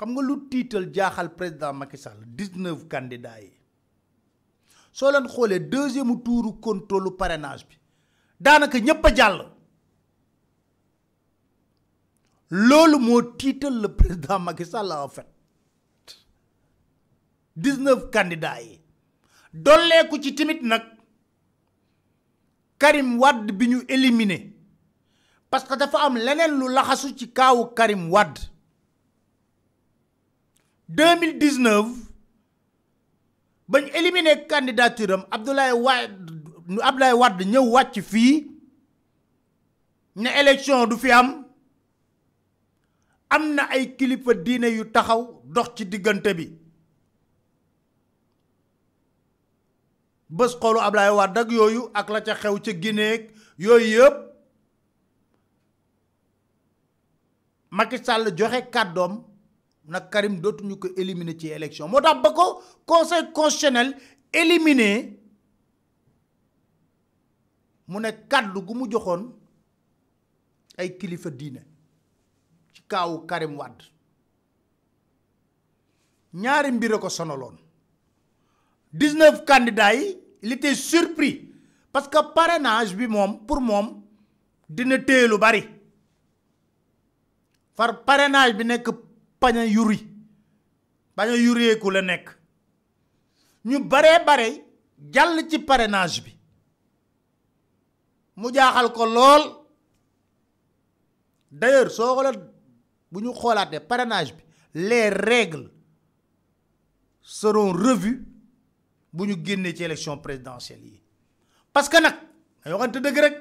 xam nga lu tiital jaaxal président Macky Sall dix-neuf candidats yi soo leen xoolee deuxième touru contrôle parrainage bi daanaka ñépp jàll loolu moo tiital la président Macky Sall en fait dix-neuf yi dolleeku ci tamit nag Karim Wade bi ñu éliminé parce que dafa am leneen lu laxasu ci kaawu Karim Wade deux mille dix neuf bañ éliminé candidature am Abdoulaye Wade Abdoulaye Wade ñëw wàcc fii ne élection du fi am am na ay kilifa diine yu taxaw dox ci diggante bi bés xoolu Abdoulaye Wade ak yooyu ak la ca xew ca Guinée yooyu yëpp Macky sàll joxe kàddoom. nag Karim dootuñu ko éliminer ci élection moo tax ba ko conseil constitutionnel éliminé mu ne kàddu gu mu joxoon ay kilifa diine ci kaawu Karim Wade ñaari mbir a ko sonaloon dix-neuf yi il était surpris parce que parrainage bi moom pour moom dina téye lu bari far parrainage bi nekk bañ a yuri bañ a yureeku la nekk ñu baree bare jàll ci parenage bi mu jaaxal ko lool d'ailleurs soo xoolee bu ñu xoolaatee parenage bi les règles seront revues bu ñu génnee ci élection présidentielle yi parce que nag ay waxante dëgg rek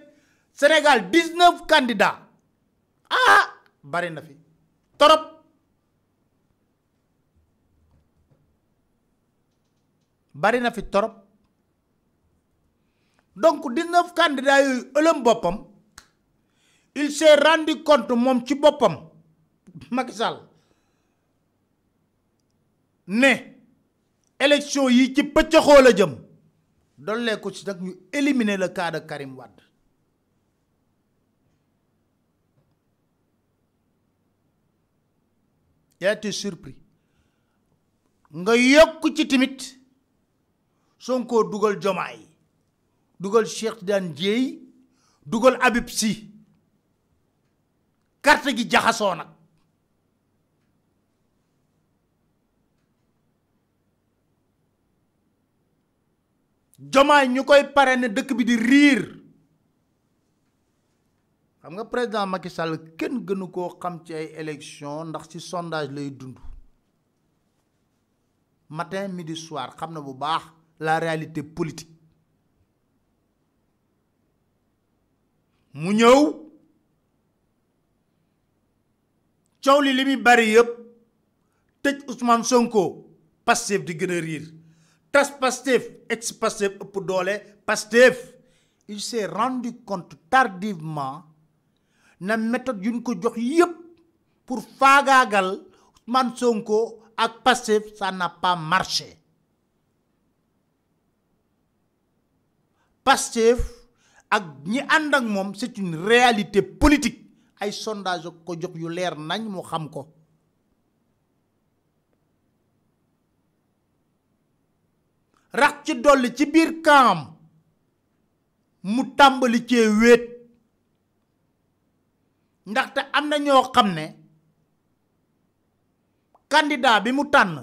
Sénégal 19 candidats ah bari na fi torop bari na fi torop donc dina candidats yooyu boppam il s'est rendu compte moom ci boppam Macky Sall ne élection yi ci pëccëxoo la jëm dollee ko ci nag ñu éliminer le cas Karim Wade yaa été nga yokk ci tamit Sonko dugal Jomaay dugal Cheikh Tidiane Dièye dugal Habib Sy carte gi jaxasoo nag Jomaay ñu koy pare ne dëkk bi di riir xam nga président Macky Sall kenn gënu koo xam ci ay élection ndax ci sondage lay dund matin midi soir xam na bu baax la réalité politique mu ñëw coow li li muy bari yëpp tëj Ousmane Sonko Pastef di gën a riir tas Pastef ëpp doole Pastef il s'est rendu compte tardivement na méthode yu ko jox yëpp pour faagaagal Ousmane Sonko ak Pastef ça n'a pas marché Pastef ak ñi ànd ak moom c'est réalité politique ay sondage ko jox yu leer nañ mu xam ko rax ci dolli ci biir kaam mu tàmbali cee wéet ndaxte am na ñoo xam ne kandidaa bi mu tànn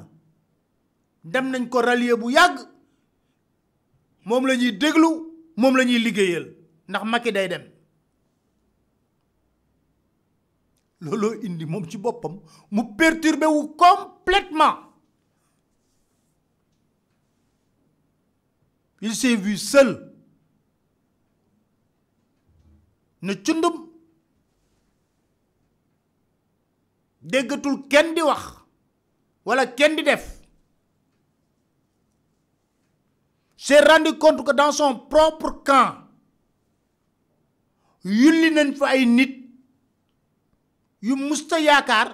dem nañ ko rallier bu yàgg moom lañuy déglu moom lañuy liggéeyal ndax Macky day dem looloo indi moom ci boppam mu perturbé wu complètement il s'est vu seul cundum déggatul kenn di wax walla kenn di def s'est rendu compte que dans son propre camp yulli nañ fa ay nit yu musta yaakaar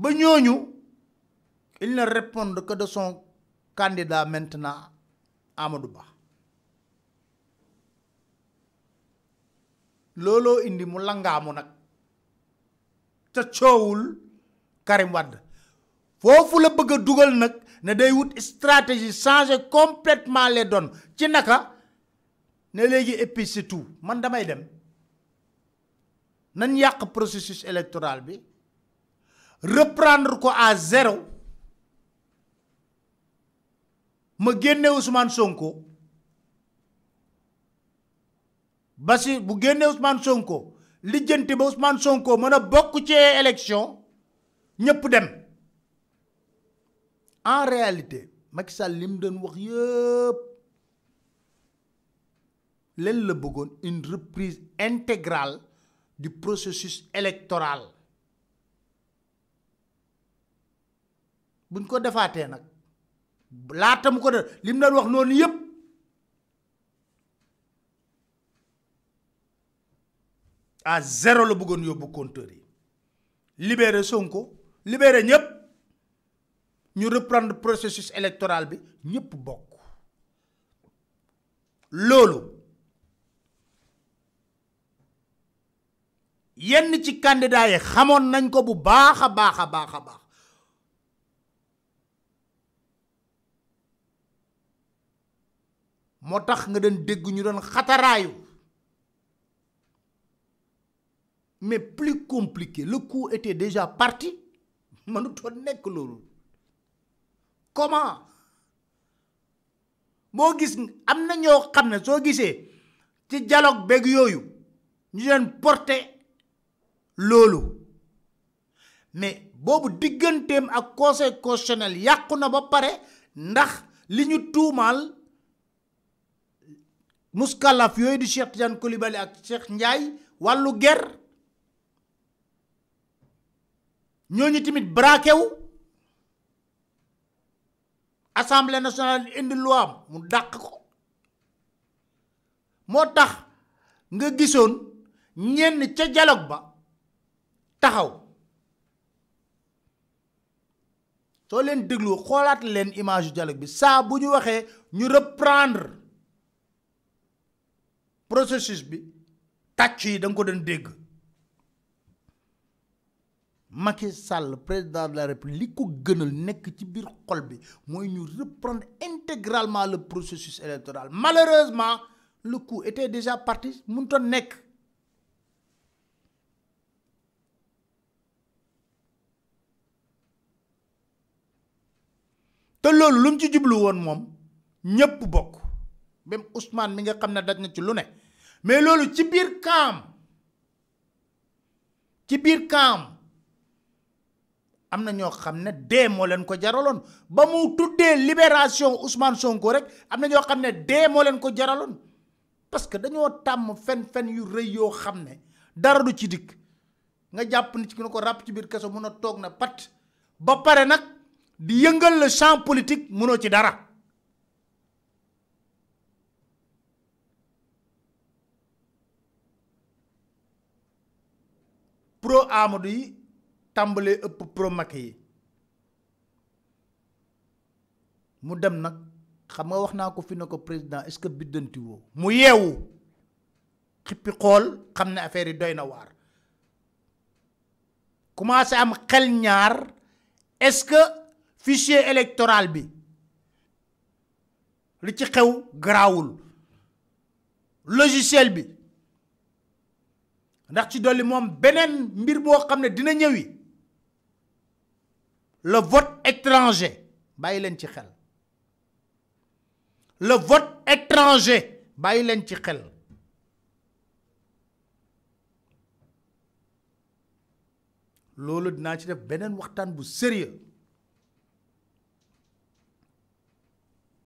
ba ñooñu il ne répondent que de son candidat maintenant Amadou Ba looloo indi mu langaamu nag te soowul Karim Wade foofu la bëgg a dugal nag ne day wut stratégie changer complètement les donnes ci naka ne léegi et puis c'est man damay dem nañ yàq processus électoral bi reprendre ko à zéro ma génne Ousmane Sonko ba bu génne Ousmane Sonko lijjanti ba Ousmane Sonko mën a bokk ci élection ñëpp dem. en réalité Macky Sall li doon wax yëpp leen la bëggoon une reprise intégrale di processus électoral buñ ko defaatee nag laata mu ko def li mu doon wax noonu yëpp à zéro la bëggoon yóbbu compteur yi libérer Sonko libérer ñëpp. ñu reprendre processus électoral bi ñëpp bokk loolu yenn ci candidat xamoon nañ ko bu baax a baax a baax a baax moo tax nga doon dégg ñu doon xataraayu mais plus compliqué la coup été déjà parti mënutoon nekk loolu comment boo gis am na ñoo xam ne soo gisee ci dialogue beeg yooyu ñu leen porter loolu mais boobu digganteem ak conseil constitutionnel yàqu na ba pare ndax li ñu tuumaal muskalaf yooyu di Cheikh Tidiane kolibali ak Cheikh Ndiaye wàllu ger ñooñu tamit braqué wu assemblée nationale indi loi am mu dàq ko moo tax nga gisoon ñenn ca dialogue ba taxaw soo leen déglu xoolaat leen image yu bi saa bu ñu waxee ñu reprendre processus bi tàcc yi danga ko doon dégg Macky sàll président de la république li ko gënal nekk ci biir xol bi mooy ñu reprendre intégralement la processus électoral malheureusement le coup était déjà parti mënutoon nekk te loolu lu mu ci jublu woon moom ñépp bokk même Ousmane mi nga xam ne daj na ci lu ne mais loolu ci biir kaam ci biir kaam am na ñoo xam ne dee moo leen ko jaraloon ba mu tuddee libération Ousmane Sonko rek am na ñoo xam ne dee moo leen ko jaraloon parce que dañoo tàmm fen-fen yu rëy yoo xam ne dara du ci dikk nga jàpp ni ci na ko ràpp ci biir keso mun a toog na pat ba pare nag di yëngal la champ politik munoo ci dara pro Amadou yi tàmbalee ëpp pro yi mu dem nag xam nga wax naa ko fi ne ko président est-ce que biddanti woo mu yeewu xippi xool xam ne affaire yi doy na waar commencé am xel ñaar est-ce que fichier électoral bi li ci xew garaawul logiciel bi ndax ci dolli moom beneen mbir boo xam ne dina ñëwi le vote étranger bàyyi leen ci xel le vote étranger bàyyi leen ci xel loolu dinaa ci def beneen waxtaan bu sérieux